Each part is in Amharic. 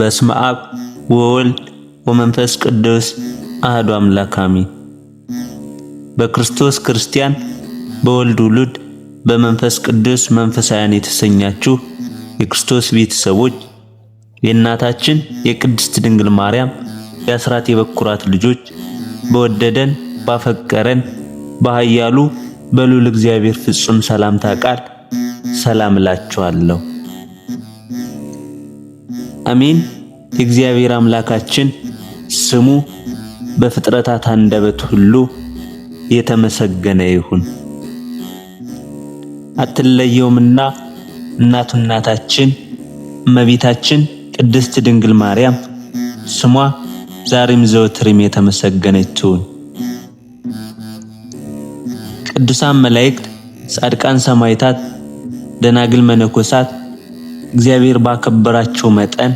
በስመ አብ ወወልድ ወመንፈስ ቅዱስ አህዶ አምላክ አሜን። በክርስቶስ ክርስቲያን በወልድ ውሉድ በመንፈስ ቅዱስ መንፈሳውያን የተሰኛችሁ የክርስቶስ ቤተሰቦች የእናታችን የቅድስት ድንግል ማርያም የአስራት የበኩራት ልጆች በወደደን ባፈቀረን በኃያሉ በሉል እግዚአብሔር ፍጹም ሰላምታ ቃል ሰላም እላችኋለሁ። አሜን። የእግዚአብሔር አምላካችን ስሙ በፍጥረታት አንደበት ሁሉ የተመሰገነ ይሁን። አትለየውምና እናቱ እናታችን እመቤታችን ቅድስት ድንግል ማርያም ስሟ ዛሬም ዘወትርም የተመሰገነች ትሁን። ቅዱሳን መላእክት፣ ጻድቃን ሰማዕታት፣ ደናግል መነኮሳት እግዚአብሔር ባከበራቸው መጠን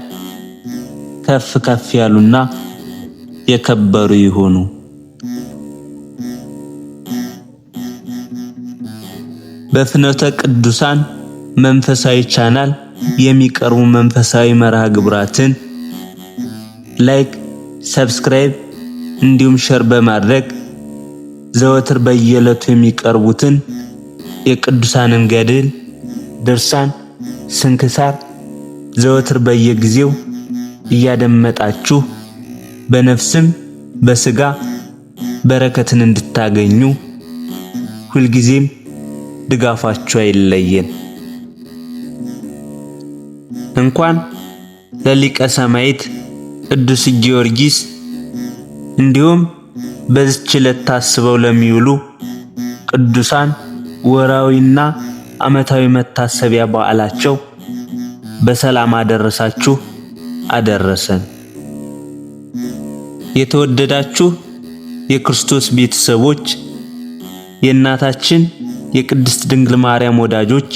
ከፍ ከፍ ያሉና የከበሩ ይሆኑ። በፍኖተ ቅዱሳን መንፈሳዊ ቻናል የሚቀርቡ መንፈሳዊ መርሃ ግብራትን ላይክ፣ ሰብስክራይብ እንዲሁም ሸር በማድረግ ዘወትር በየዕለቱ የሚቀርቡትን የቅዱሳንን ገድል ድርሳን ስንክሳር ዘወትር በየጊዜው እያደመጣችሁ በነፍስም በስጋ በረከትን እንድታገኙ ሁልጊዜም ድጋፋችሁ አይለየን። እንኳን ለሊቀ ሰማዕት ቅዱስ ጊዮርጊስ እንዲሁም በዚች ዕለት ታስበው ለሚውሉ ቅዱሳን ወራዊና ዓመታዊ መታሰቢያ በዓላቸው በሰላም አደረሳችሁ አደረሰን። የተወደዳችሁ የክርስቶስ ቤተሰቦች፣ የእናታችን የቅድስት ድንግል ማርያም ወዳጆች፣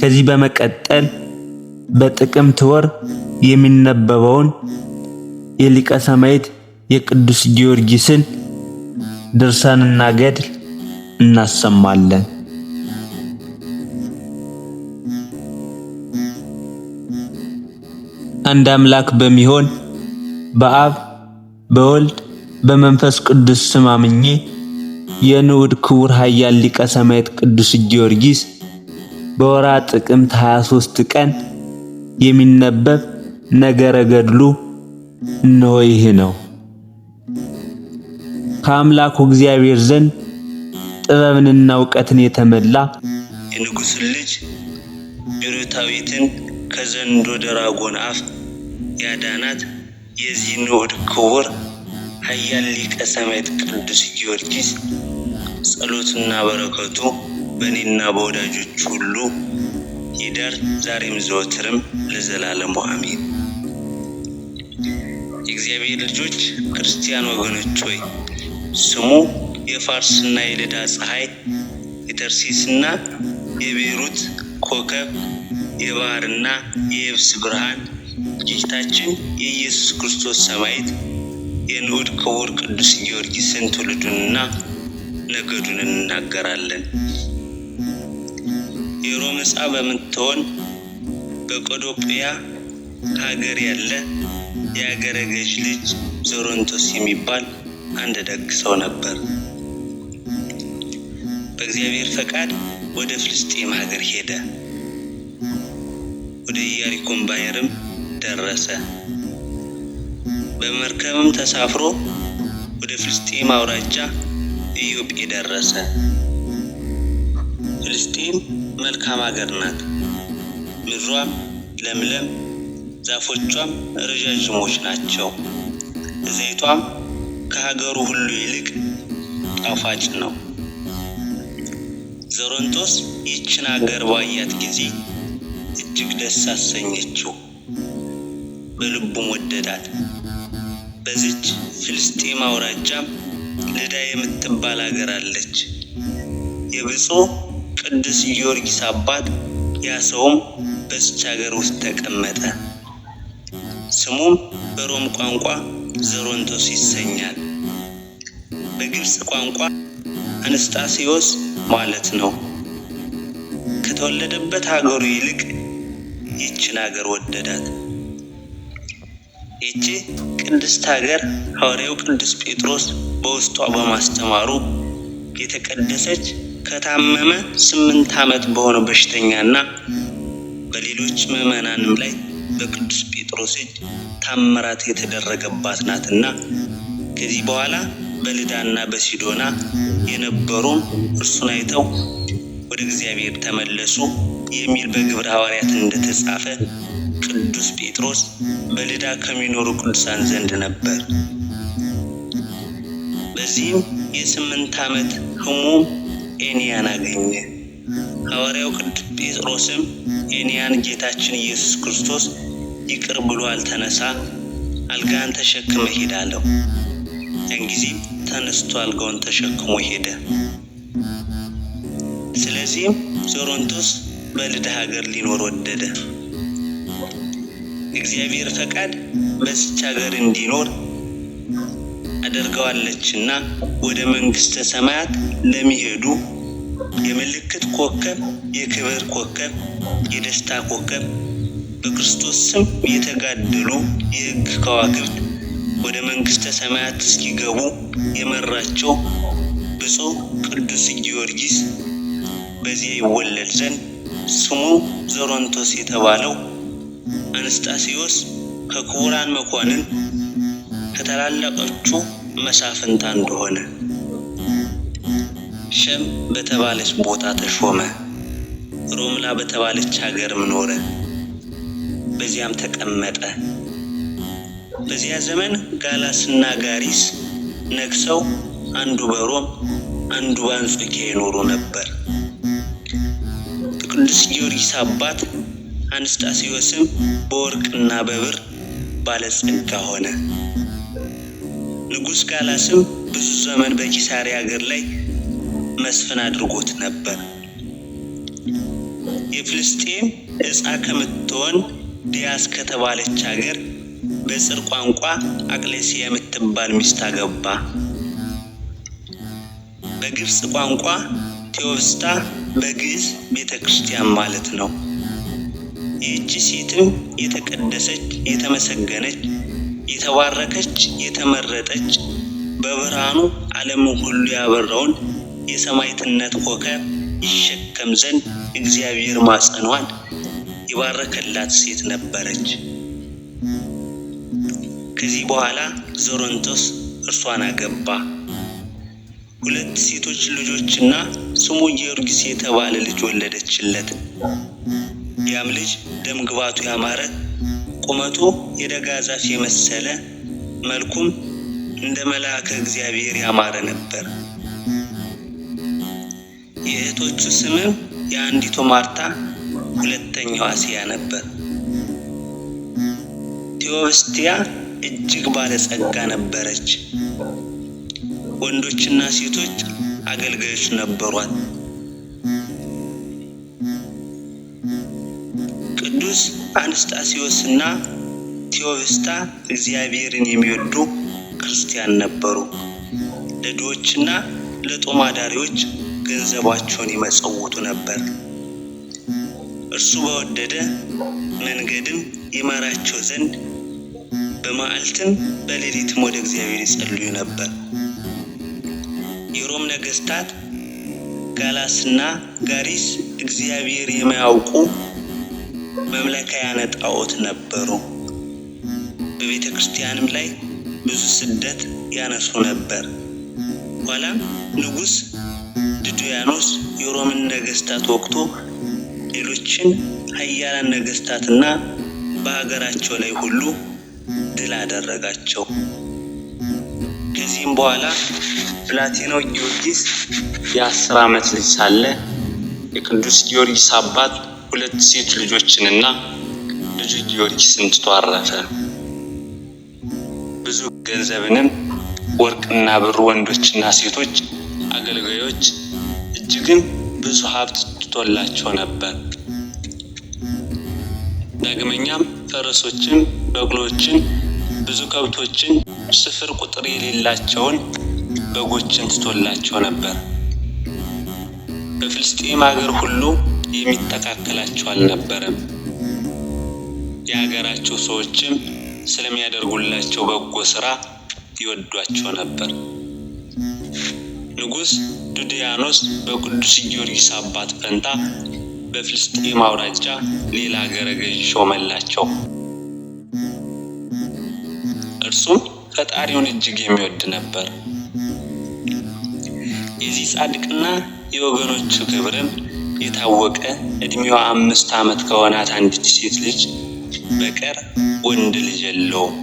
ከዚህ በመቀጠል በጥቅምት ወር የሚነበበውን የሊቀ ሰማዕት የቅዱስ ጊዮርጊስን ድርሳንና ገድል እናሰማለን። አንድ አምላክ በሚሆን በአብ በወልድ በመንፈስ ቅዱስ ስም አምኜ የንዑድ ክቡር ኃያል ሊቀ ሰማዕት ቅዱስ ጊዮርጊስ በወራ ጥቅምት 23 ቀን የሚነበብ ነገረ ገድሉ እነሆ ይህ ነው። ከአምላኩ እግዚአብሔር ዘንድ ጥበብንና እውቀትን የተመላ የንጉሥን ልጅ ብረታዊትን ከዘንዶ ደራጎን አፍ ያዳናት የዚህን እሑድ ክቡር ኃያል ሊቀ ሰማዕት ቅዱስ ጊዮርጊስ ጸሎትና በረከቱ በእኔና በወዳጆች ሁሉ ይደር ዛሬም ዘወትርም ለዘላለሙ አሜን። የእግዚአብሔር ልጆች ክርስቲያን ወገኖች ሆይ ስሙ የፋርስና የልዳ ፀሐይ የተርሲስና የቤሩት ኮከብ የባህርና የየብስ ብርሃን ዝግጅታችን የኢየሱስ ክርስቶስ ሰማዕት የንዑድ ክቡር ቅዱስ ጊዮርጊስን ትውልዱንና ነገዱን እናገራለን። የሮም ሕፃ በምትሆን በቆዶጵያ ሀገር ያለ የአገረ ገዥ ልጅ ዞሮንቶስ የሚባል አንድ ደግ ሰው ነበር። በእግዚአብሔር ፈቃድ ወደ ፍልስጤም ሀገር ሄደ። ወደ ኢያሪኮን ባየርም ደረሰ። በመርከብም ተሳፍሮ ወደ ፍልስጤም አውራጃ ኢዮጴ ደረሰ። ፍልስጤም መልካም አገር ናት። ምድሯም ለምለም፣ ዛፎቿም ረዣዥሞች ናቸው። ዘይቷም ከሀገሩ ሁሉ ይልቅ ጣፋጭ ነው። ዞሮንቶስ ይችን አገር ባያት ጊዜ እጅግ ደስ አሰኘችው። በልቡም ወደዳት። በዚች ፍልስጤም አውራጃ ልዳ የምትባል አገር አለች። የብፁዕ ቅዱስ ጊዮርጊስ አባት ያ ሰውም በዚች አገር ውስጥ ተቀመጠ። ስሙም በሮም ቋንቋ ዘሮንቶስ ይሰኛል። በግብፅ ቋንቋ አንስጣሴዎስ ማለት ነው። ከተወለደበት ሀገሩ ይልቅ ይችን አገር ወደዳት። ይቺ ቅድስት ሀገር ሐዋርያው ቅዱስ ጴጥሮስ በውስጧ በማስተማሩ የተቀደሰች ከታመመ ስምንት ዓመት በሆነው በሽተኛና በሌሎች ምዕመናንም ላይ በቅዱስ ጴጥሮስ እጅ ታምራት የተደረገባት ናትና ከዚህ በኋላ በልዳና በሲዶና የነበሩም እርሱን አይተው ወደ እግዚአብሔር ተመለሱ የሚል በግብረ ሐዋርያት እንደተጻፈ ቅዱስ ጴጥሮስ በልዳ ከሚኖሩ ቅዱሳን ዘንድ ነበር። በዚህም የስምንት ዓመት ሕሙም ኤንያን አገኘ። ሐዋርያው ቅዱስ ጴጥሮስም ኤንያን ጌታችን ኢየሱስ ክርስቶስ ይቅር ብሎ አልተነሳ አልጋን ተሸክመ ሄዳለሁ አለው። ያን ጊዜም ተነስቶ አልጋውን ተሸክሞ ሄደ። ስለዚህም ዞሮንቶስ በልዳ ሀገር ሊኖር ወደደ። እግዚአብሔር ፈቃድ በዚች ሀገር እንዲኖር አድርገዋለችና ወደ መንግስተ ሰማያት ለሚሄዱ የምልክት ኮከብ፣ የክብር ኮከብ፣ የደስታ ኮከብ በክርስቶስ ስም የተጋደሉ የሕግ ከዋክብት ወደ መንግስተ ሰማያት እስኪገቡ የመራቸው ብፁዕ ቅዱስ ጊዮርጊስ በዚያ ይወለድ ዘንድ ስሙ ዞሮንቶስ የተባለው አንስጣስዮስ ከክቡራን መኳንን ከታላላቆቹ መሳፍንት አንዱ ሆነ። ሸም በተባለች ቦታ ተሾመ። ሮምላ በተባለች ሀገርም ኖረ፣ በዚያም ተቀመጠ። በዚያ ዘመን ጋላስና ጋሪስ ነግሰው አንዱ በሮም አንዱ በአንጾኪያ ይኖሩ ነበር። ቅዱስ ጊዮርጊስ አባት አንስጣስዮስም በወርቅና በብር ባለጸጋ ሆነ። ንጉሥ ጋላስም ብዙ ዘመን በኪሳሪ አገር ላይ መስፍን አድርጎት ነበር። የፍልስጤም እፃ ከምትሆን ዲያስ ከተባለች አገር በጽር ቋንቋ አቅሌሲያ የምትባል ሚስት አገባ። በግብፅ ቋንቋ ቴዎብስታ በግዕዝ ቤተ ክርስቲያን ማለት ነው። ይህች ሴትም የተቀደሰች የተመሰገነች የተባረከች የተመረጠች በብርሃኑ ዓለም ሁሉ ያበራውን የሰማዕትነት ኮከብ ይሸከም ዘንድ እግዚአብሔር ማጸኗን የባረከላት ሴት ነበረች። ከዚህ በኋላ ዞሮንቶስ እርሷን አገባ። ሁለት ሴቶች ልጆችና ስሙ ጊዮርጊስ የተባለ ልጅ ወለደችለት። ያም ልጅ ደም ግባቱ ያማረ ቁመቱ የደጋ ዛፍ የመሰለ መልኩም እንደ መልአከ እግዚአብሔር ያማረ ነበር። የእህቶቹ ስምም የአንዲቱ ማርታ፣ ሁለተኛዋ አስያ ነበር። ቴዎብስቲያ እጅግ ባለጸጋ ነበረች። ወንዶችና ሴቶች አገልጋዮች ነበሯት። ቅዱስ እና ቴዎቪስታ እግዚአብሔርን የሚወዱ ክርስቲያን ነበሩ። ለድሆችና ለጦም አዳሪዎች ገንዘባቸውን ይመጸውቱ ነበር። እርሱ በወደደ መንገድም ይመራቸው ዘንድ በመዓልትም በሌሊትም ወደ እግዚአብሔር ይጸልዩ ነበር። የሮም ነገሥታት ጋላስና ጋሪስ እግዚአብሔር የማያውቁ መምለኪያነ ጣዖት ነበሩ። በቤተ ክርስቲያንም ላይ ብዙ ስደት ያነሱ ነበር። ኋላም ንጉሥ ድዱያኖስ የሮምን ነገሥታት ወቅቶ ሌሎችን ኃያላን ነገሥታትና በሀገራቸው ላይ ሁሉ ድል አደረጋቸው። ከዚህም በኋላ ብላቴናው ጊዮርጊስ የአስር ዓመት ልጅ ሳለ የቅዱስ ጊዮርጊስ አባት ሁለት ሴት ልጆችንና ልጁ ጊዮርጊስን ትቶ አረፈ። ብዙ ገንዘብንም ወርቅና ብር፣ ወንዶችና ሴቶች አገልጋዮች እጅግም ብዙ ሀብት ትቶላቸው ነበር። ዳግመኛም ፈረሶችን፣ በቅሎችን፣ ብዙ ከብቶችን፣ ስፍር ቁጥር የሌላቸውን በጎችን ትቶላቸው ነበር። በፍልስጤም አገር ሁሉ የሚጠቃከላቸው አልነበረም። የሀገራቸው ሰዎችም ስለሚያደርጉላቸው በጎ ስራ ይወዷቸው ነበር። ንጉሥ ዱድያኖስ በቅዱስ ጊዮርጊስ አባት ፈንታ በፍልስጤም አውራጃ ሌላ አገረ ገዥ ሾመላቸው። እርሱም ፈጣሪውን እጅግ የሚወድ ነበር። የዚህ ጻድቅና የወገኖቹ ክብርን የታወቀ እድሜዋ አምስት ዓመት ከሆናት አንዲት ሴት ልጅ በቀር ወንድ ልጅ የለውም።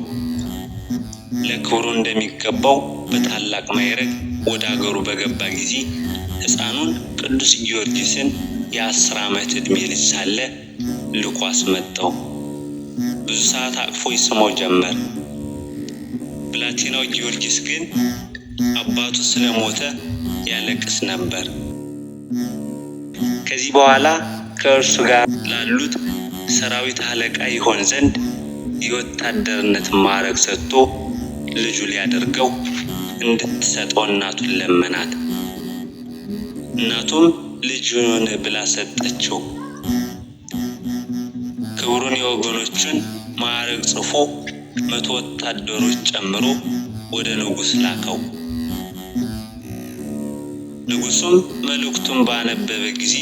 ለክብሩ እንደሚገባው በታላቅ ማይረግ ወደ አገሩ በገባ ጊዜ ሕፃኑን ቅዱስ ጊዮርጊስን የአስር ዓመት ዕድሜ ልጅ ሳለ ልኮ አስመጣው። ብዙ ሰዓት አቅፎ ይስመው ጀመር። ብላቴናው ጊዮርጊስ ግን አባቱ ስለሞተ ያለቅስ ነበር። ከዚህ በኋላ ከእርሱ ጋር ላሉት ሰራዊት አለቃ ይሆን ዘንድ የወታደርነት ማዕረግ ሰጥቶ ልጁ ሊያደርገው እንድትሰጠው እናቱን ለመናት። እናቱም ልጁን ብላ ሰጠችው። ክብሩን የወገኖችን ማዕረግ ጽፎ መቶ ወታደሮች ጨምሮ ወደ ንጉሥ ላከው። ንጉሱም መልእክቱን ባነበበ ጊዜ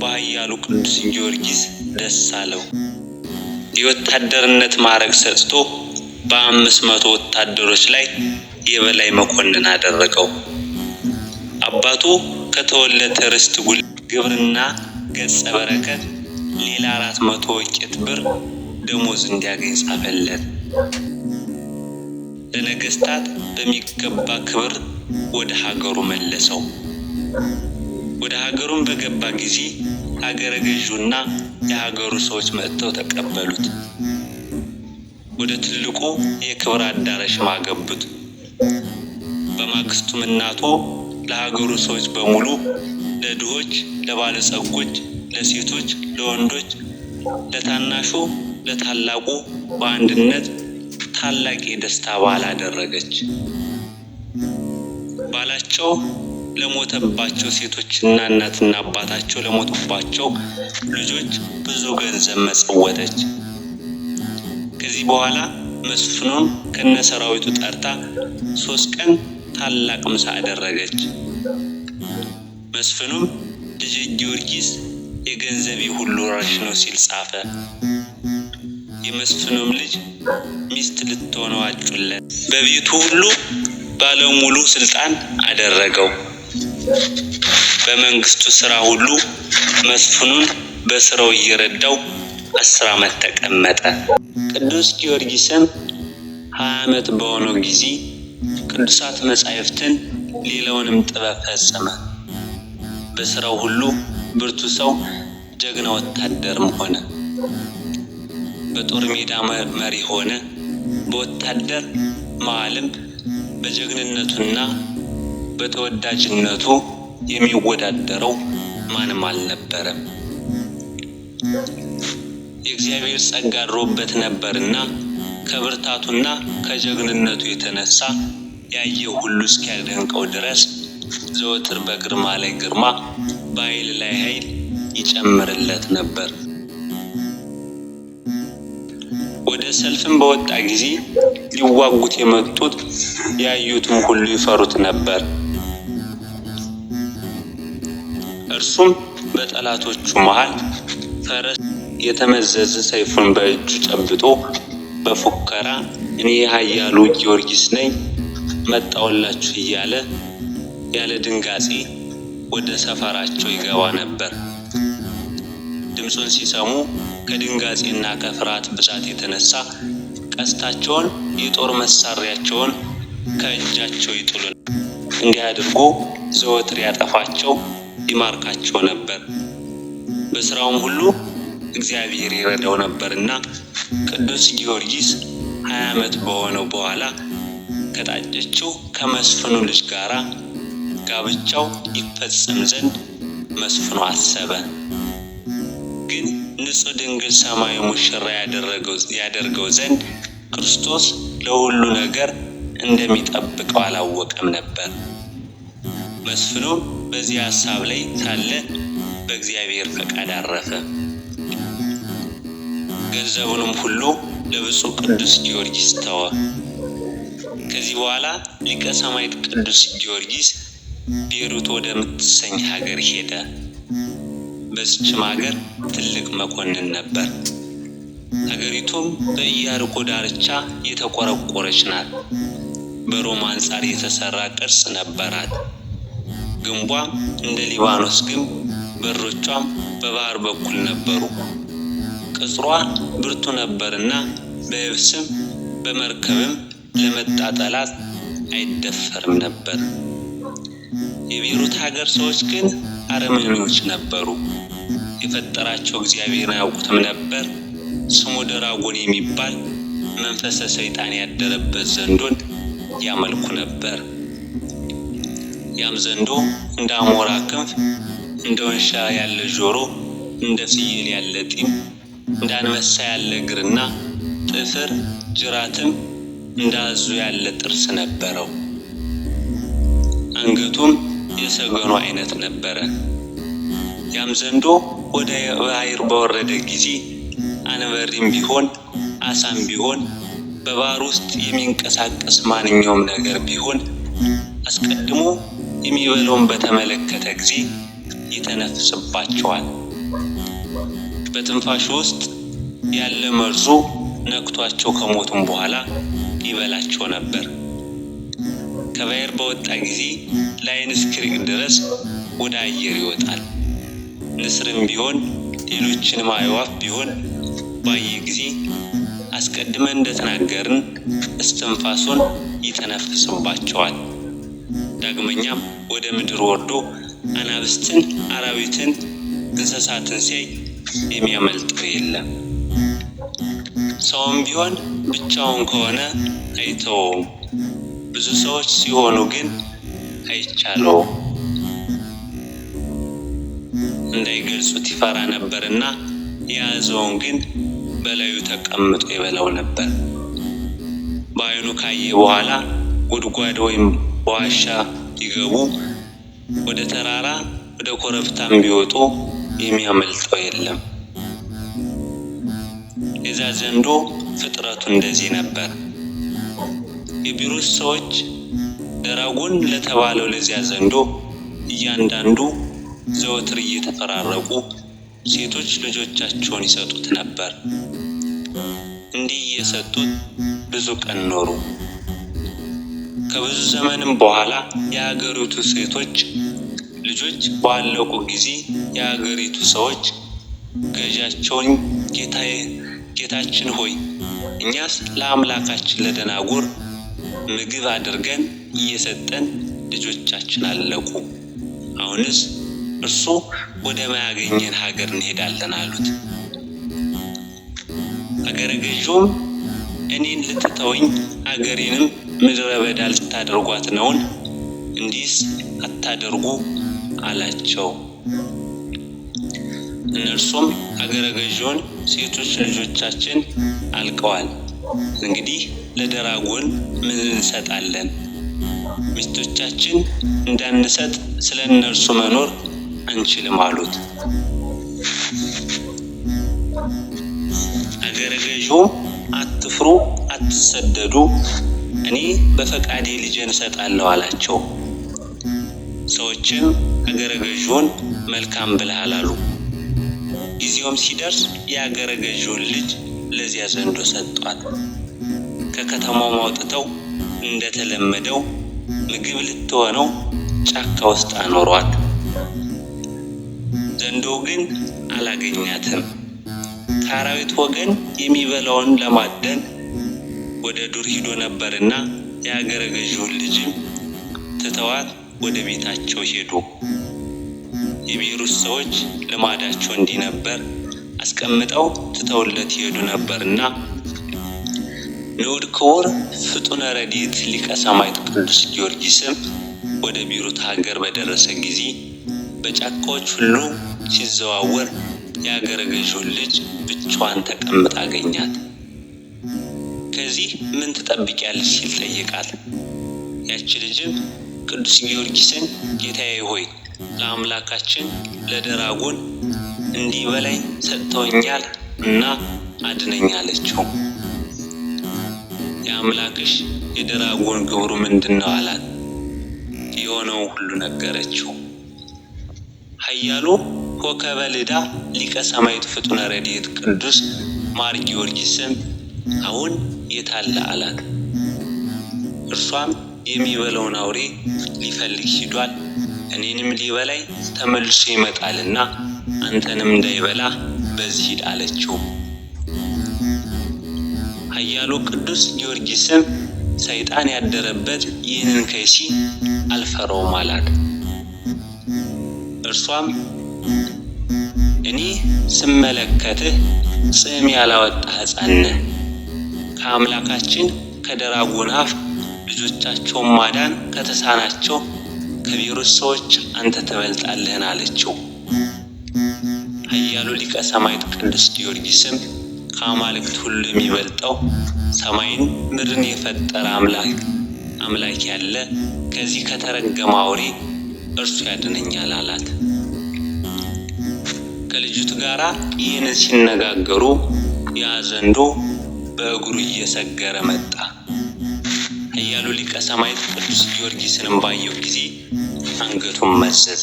በኃያሉ ቅዱስ ጊዮርጊስ ደስ አለው። የወታደርነት ማዕረግ ሰጥቶ በአምስት መቶ ወታደሮች ላይ የበላይ መኮንን አደረገው። አባቱ ከተወለተ ርስት ጉል ግብርና ገጸ በረከት ሌላ አራት መቶ ወቄት ብር ደሞዝ እንዲያገኝ ጻፈለት። ለነገስታት በሚገባ ክብር ወደ ሀገሩ መለሰው። ወደ ሀገሩን በገባ ጊዜ ሀገረ ገዡና የሀገሩ ሰዎች መጥተው ተቀበሉት። ወደ ትልቁ የክብር አዳራሽም አገቡት። በማግስቱም እናቱ ለሀገሩ ሰዎች በሙሉ ለድሆች፣ ለባለጸጎች፣ ለሴቶች፣ ለወንዶች፣ ለታናሹ፣ ለታላቁ በአንድነት ታላቅ የደስታ በዓል አደረገች። ባላቸው ለሞተባቸው ሴቶችና እናትና አባታቸው ለሞቱባቸው ልጆች ብዙ ገንዘብ መጸወተች። ከዚህ በኋላ መስፍኑን ከነ ሰራዊቱ ጠርታ ሶስት ቀን ታላቅ ምሳ አደረገች። መስፍኑም ልጅ ጊዮርጊስ የገንዘቤ ሁሉ ራሽ ነው ሲል ጻፈ። የመስፍኑም ልጅ ሚስት ልትሆነው አጩለት። በቤቱ ሁሉ ባለሙሉ ስልጣን አደረገው። በመንግስቱ ስራ ሁሉ መስፍኑን በስራው እየረዳው አስር አመት ተቀመጠ። ቅዱስ ጊዮርጊስም ሀያ አመት በሆነው ጊዜ ቅዱሳት መጻሕፍትን ሌላውንም ጥበብ ፈጸመ። በስራው ሁሉ ብርቱ ሰው፣ ጀግና ወታደርም ሆነ። በጦር ሜዳ መሪ ሆነ። በወታደር መዓልም በጀግንነቱና በተወዳጅነቱ የሚወዳደረው ማንም አልነበረም። የእግዚአብሔር ጸጋ አድሮበት ነበርና ከብርታቱና ከጀግንነቱ የተነሳ ያየው ሁሉ እስኪያደንቀው ድረስ ዘወትር በግርማ ላይ ግርማ፣ በኃይል ላይ ኃይል ይጨምርለት ነበር። ወደ ሰልፍም በወጣ ጊዜ ሊዋጉት የመጡት ያዩትም ሁሉ ይፈሩት ነበር። እርሱም በጠላቶቹ መሃል ፈረስ የተመዘዘ ሰይፉን በእጁ ጨብጦ በፉከራ እኔ ኃያሉ ጊዮርጊስ ነኝ መጣውላችሁ እያለ ያለ ድንጋጼ ወደ ሰፈራቸው ይገባ ነበር። ድምፁን ሲሰሙ ከድንጋጼና ከፍርሃት ብዛት የተነሳ ቀስታቸውን፣ የጦር መሳሪያቸውን ከእጃቸው ይጥሉ። እንዲህ አድርጎ ዘወትር ያጠፋቸው ይማርካቸው ነበር። በስራውም ሁሉ እግዚአብሔር ይረዳው ነበርና ቅዱስ ጊዮርጊስ ሀያ ዓመት በሆነው በኋላ ከጣጨችው ከመስፍኑ ልጅ ጋር ጋብቻው ይፈጸም ዘንድ መስፍኑ አሰበ። ግን ንጹሕ ድንግል ሰማያዊ ሙሽራ ያደርገው ዘንድ ክርስቶስ ለሁሉ ነገር እንደሚጠብቀው አላወቀም ነበር። መስፍኖ በዚህ ሀሳብ ላይ ሳለ በእግዚአብሔር ፈቃድ አረፈ። ገንዘቡንም ሁሉ ለብፁዕ ቅዱስ ጊዮርጊስ ተወ። ከዚህ በኋላ ሊቀ ሰማዕት ቅዱስ ጊዮርጊስ ቤሩት ወደምትሰኝ ሀገር ሄደ። በዚችም ሀገር ትልቅ መኮንን ነበር። ሀገሪቱም በኢያሪኮ ዳርቻ የተቆረቆረች ናት። በሮማ አንጻር የተሰራ ቅርጽ ነበራት። ግንቧ እንደ ሊባኖስ ግንብ፣ በሮቿም በባህር በኩል ነበሩ። ቅጽሯ ብርቱ ነበርና በየብስም በመርከብም ለመጣ ጠላት አይደፈርም ነበር። የቤሩት ሀገር ሰዎች ግን አረመኔዎች ነበሩ። የፈጠራቸው እግዚአብሔር አያውቁትም ነበር። ስሙ ደራጎን የሚባል መንፈሰ ሰይጣን ያደረበት ዘንዶን ያመልኩ ነበር። ያም ዘንዶ እንደ አሞራ ክንፍ፣ እንደ ውሻ ያለ ጆሮ፣ እንደ ፍየል ያለ ጢም፣ እንደ አንበሳ ያለ እግርና ጥፍር፣ ጅራትም እንደ አዙ ያለ ጥርስ ነበረው። አንገቱም የሰገኑ አይነት ነበረ። ያም ዘንዶ ወደ ባህር በወረደ ጊዜ አንበሪም ቢሆን አሳም ቢሆን በባህር ውስጥ የሚንቀሳቀስ ማንኛውም ነገር ቢሆን አስቀድሞ የሚበላውን በተመለከተ ጊዜ ይተነፍስባቸዋል። በትንፋሹ ውስጥ ያለ መርዙ ነክቷቸው ከሞቱም በኋላ ይበላቸው ነበር። ከባሕር በወጣ ጊዜ ለአይን እስክሪቅ ድረስ ወደ አየር ይወጣል። ንስርም ቢሆን ሌሎችንም አዕዋፍ ቢሆን ባየ ጊዜ አስቀድመን እንደተናገርን እስትንፋሱን ይተነፍስባቸዋል። ዳግመኛም ወደ ምድር ወርዶ አናብስትን፣ አራዊትን፣ እንስሳትን ሲያይ የሚያመልጠው የለም። ሰውም ቢሆን ብቻውን ከሆነ አይተውም ብዙ ሰዎች ሲሆኑ ግን አይቻለው እንዳይገልጹት ይፈራ ነበርና የያዘውን ግን በላዩ ተቀምጦ ይበላው ነበር። በአይኑ ካየ በኋላ ጉድጓድ ወይም በዋሻ ቢገቡ ወደ ተራራ ወደ ኮረብታም ቢወጡ የሚያመልጠው የለም። የዛ ዘንዶ ፍጥረቱ እንደዚህ ነበር። የቢሩስ ሰዎች ደራጎን ለተባለው ለዚያ ዘንዶ እያንዳንዱ ዘወትር እየተፈራረቁ ሴቶች ልጆቻቸውን ይሰጡት ነበር። እንዲህ እየሰጡት ብዙ ቀን ኖሩ። ከብዙ ዘመንም በኋላ የአገሪቱ ሴቶች ልጆች ባለቁ ጊዜ የአገሪቱ ሰዎች ገዣቸውን ጌታዬ ጌታችን ሆይ እኛስ ለአምላካችን ለደናጉር ምግብ አድርገን እየሰጠን ልጆቻችን አለቁ። አሁንስ እርሱ ወደ ማያገኘን ሀገር እንሄዳለን አሉት። አገረ ገዢውም እኔን ልትተወኝ አገሬንም ምድረ በዳ ልታደርጓት ነውን? እንዲስ አታደርጉ አላቸው። እነርሱም አገረ ገዢውን ሴቶች ልጆቻችን አልቀዋል፣ እንግዲህ ለደራጎን ምን እንሰጣለን? ሚስቶቻችን እንዳንሰጥ ስለ እነርሱ መኖር አንችልም አሉት። አገረ ገዢውም አትፍሩ፣ አትሰደዱ እኔ በፈቃዴ ልጄን እሰጣለሁ አላቸው። ሰዎችም አገረ ገዥውን መልካም ብለሃል አሉ። ጊዜውም ሲደርስ የአገረ ገዥውን ልጅ ለዚያ ዘንዶ ሰጧት። ከከተማው አውጥተው እንደተለመደው ምግብ ልትሆነው ጫካ ውስጥ አኖሯት። ዘንዶ ግን አላገኛትም። ከአራዊት ወገን የሚበላውን ለማደን ወደ ዱር ሂዶ ነበርና የአገረ ገዥውን ልጅም ትተዋት ወደ ቤታቸው ሄዱ። የቤሩት ሰዎች ልማዳቸው እንዲህ ነበር፣ አስቀምጠው ትተውለት ይሄዱ ነበርና። ንዑድ ክቡር ፍጡነ ረድኤት ሊቀ ቅዱስ ጊዮርጊስም ወደ ቤሩት ሀገር በደረሰ ጊዜ በጫካዎች ሁሉ ሲዘዋወር የአገረ ገዥውን ልጅ ብቻዋን ተቀምጣ አገኛት። ከዚህ ምን ትጠብቂያለሽ ሲል ጠይቃል። ያች ልጅም ቅዱስ ጊዮርጊስን ጌታዬ ሆይ ለአምላካችን ለደራጎን እንዲህ በላይ ሰጥተውኛል እና አድነኝ አለችው። የአምላክሽ የደራጎን ግብሩ ምንድን ነው አላት። የሆነው ሁሉ ነገረችው። ኃያሉ ኮከበ ልዳ ሊቀ ሰማዕቱ ፍጡነ ረድኤት ቅዱስ ማር ጊዮርጊስም አሁን የታለ አላት። እርሷም የሚበላውን አውሬ ሊፈልግ ሂዷል፣ እኔንም ሊበላኝ ተመልሶ ይመጣልና አንተንም እንዳይበላ በዚህ ሂድ አለችው። ኃያሉ ቅዱስ ጊዮርጊስም ሰይጣን ያደረበት ይህንን ከይሲ አልፈራውም አላት። እርሷም እኔ ስመለከትህ ጽም ያላወጣ ሕፃን ነህ ከአምላካችን አፍ ልጆቻቸውን ማዳን ከተሳናቸው ከቢሮስ ሰዎች አንተ ትበልጣለህን አለችው። ኃያሉ ሊቀ ሰማዕት ቅዱስ ጊዮርጊስም ከአማልክት ሁሉ የሚበልጠው ሰማይን ምድርን የፈጠረ አምላክ አምላክ ያለ ከዚህ ከተረገመ አውሬ እርሱ ያድነኛል አላት። ከልጅቱ ጋር ይህንን ሲነጋገሩ ያ ዘንዶ በእግሩ እየሰገረ መጣ እያሉ ሊቀ ሰማዕት ቅዱስ ጊዮርጊስንም ባየው ጊዜ አንገቱን መዘዘ፣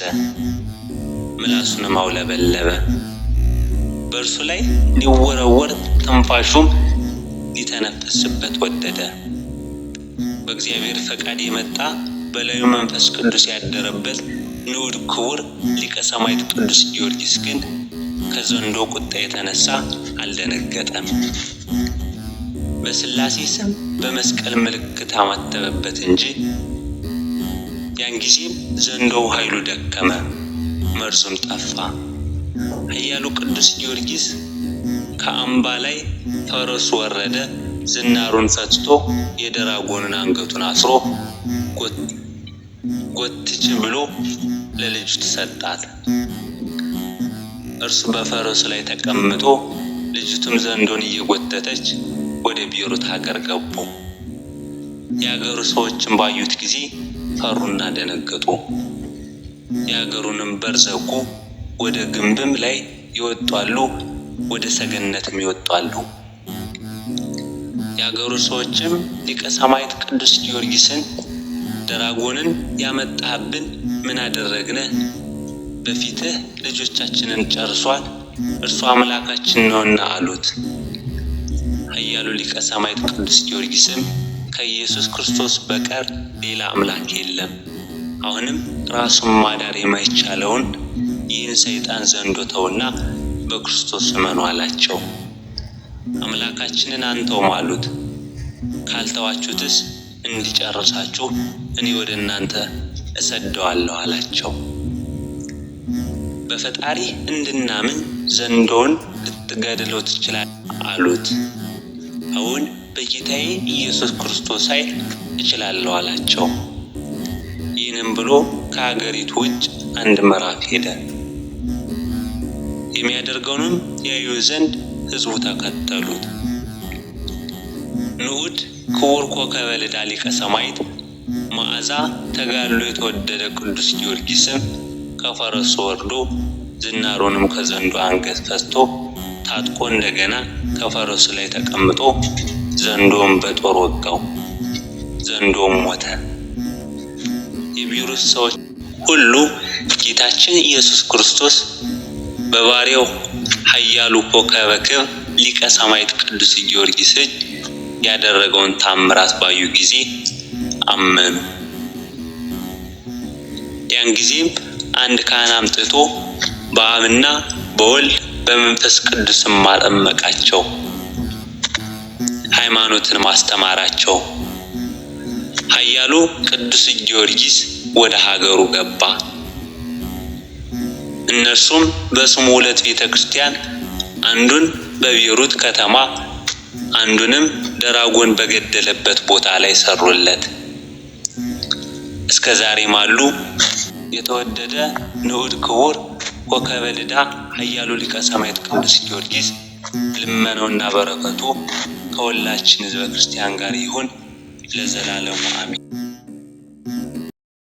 ምላሱንም አውለበለበ። በእርሱ ላይ ሊወረወር ትንፋሹም ሊተነፍስበት ወደደ። በእግዚአብሔር ፈቃድ የመጣ በላዩ መንፈስ ቅዱስ ያደረበት ንዑድ ክቡር ሊቀ ሰማዕት ቅዱስ ጊዮርጊስ ግን ከዘንዶ ቁጣ የተነሳ አልደነገጠም። በስላሴ ስም በመስቀል ምልክት አማተበበት እንጂ። ያን ጊዜም ዘንዶው ኃይሉ ደከመ፣ መርዙም ጠፋ። ኃያሉ ቅዱስ ጊዮርጊስ ከአምባ ላይ ፈረሱ ወረደ። ዝናሩን ፈትቶ የደራጎንን አንገቱን አስሮ ጎትች ብሎ ለልጁ ትሰጣት። እርሱ በፈረሱ ላይ ተቀምጦ ልጅቱም ዘንዶን እየጎተተች ወደ ቢሮት ሀገር ገቡ። የሀገሩ ሰዎችን ባዩት ጊዜ ፈሩና ደነገጡ። የሀገሩንም በር ዘጉ። ወደ ግንብም ላይ ይወጧሉ፣ ወደ ሰገነትም ይወጧሉ። የሀገሩ ሰዎችም ሊቀ ሰማዕት ቅዱስ ጊዮርጊስን ድራጎንን ያመጣህብን ምን አደረግነ? በፊትህ ልጆቻችንን ጨርሷል፣ እርሱ አምላካችን ነውና አሉት። ኃያሉ ሊቀ ሰማዕት ቅዱስ ጊዮርጊስም ከኢየሱስ ክርስቶስ በቀር ሌላ አምላክ የለም፣ አሁንም ራሱን ማዳር የማይቻለውን ይህን ሰይጣን ዘንዶ ተውና በክርስቶስ እመኑ አላቸው። አምላካችንን አንተውም አሉት። ካልተዋችሁትስ እንዲጨርሳችሁ እኔ ወደ እናንተ እሰደዋለሁ አላቸው። በፈጣሪ እንድናምን ዘንዶውን ልትገድለው ትችላል አሉት። አሁን በጌታዬ ኢየሱስ ክርስቶስ ኃይል እችላለሁ አላቸው። ይህንም ብሎ ከሀገሪቱ ውጭ አንድ ምዕራፍ ሄደ። የሚያደርገውንም ያዩ ዘንድ ሕዝቡ ተከተሉት። ንዑድ ክቡር ኮከበ ልዳ ሊቀ ሰማዕት መዓዛ ተጋድሎ የተወደደ ቅዱስ ጊዮርጊስም ከፈረሱ ወርዶ ዝናሩንም ከዘንዱ አንገት ፈትቶ ታጥቆ እንደገና ከፈረሱ ላይ ተቀምጦ ዘንዶም በጦር ወጋው፣ ዘንዶም ሞተ። የቢሩስ ሰዎች ሁሉ ጌታችን ኢየሱስ ክርስቶስ በባሪያው ኃያሉ ኮከበክብ ሊቀ ሰማዕት ቅዱስ ጊዮርጊስ እጅ ያደረገውን ታምራት ባዩ ጊዜ አመኑ። ያን ጊዜም አንድ ካህን አምጥቶ በአብና በወልድ በመንፈስ ቅዱስም ማጠመቃቸው፣ ሃይማኖትን ማስተማራቸው። ኃያሉ ቅዱስ ጊዮርጊስ ወደ ሀገሩ ገባ። እነርሱም በስሙ ሁለት ቤተ ክርስቲያን አንዱን በቤሩት ከተማ አንዱንም ደራጎን በገደለበት ቦታ ላይ ሰሩለት። እስከ ዛሬም አሉ። የተወደደ ንዑድ ክቡር ኮከበ ልዳ ኃያሉ ሊቀ ሰማዕት ቅዱስ ጊዮርጊስ ልመናውና በረከቱ ከሁላችን ሕዝበ ክርስቲያን ጋር ይሁን ለዘላለሙ አሚን።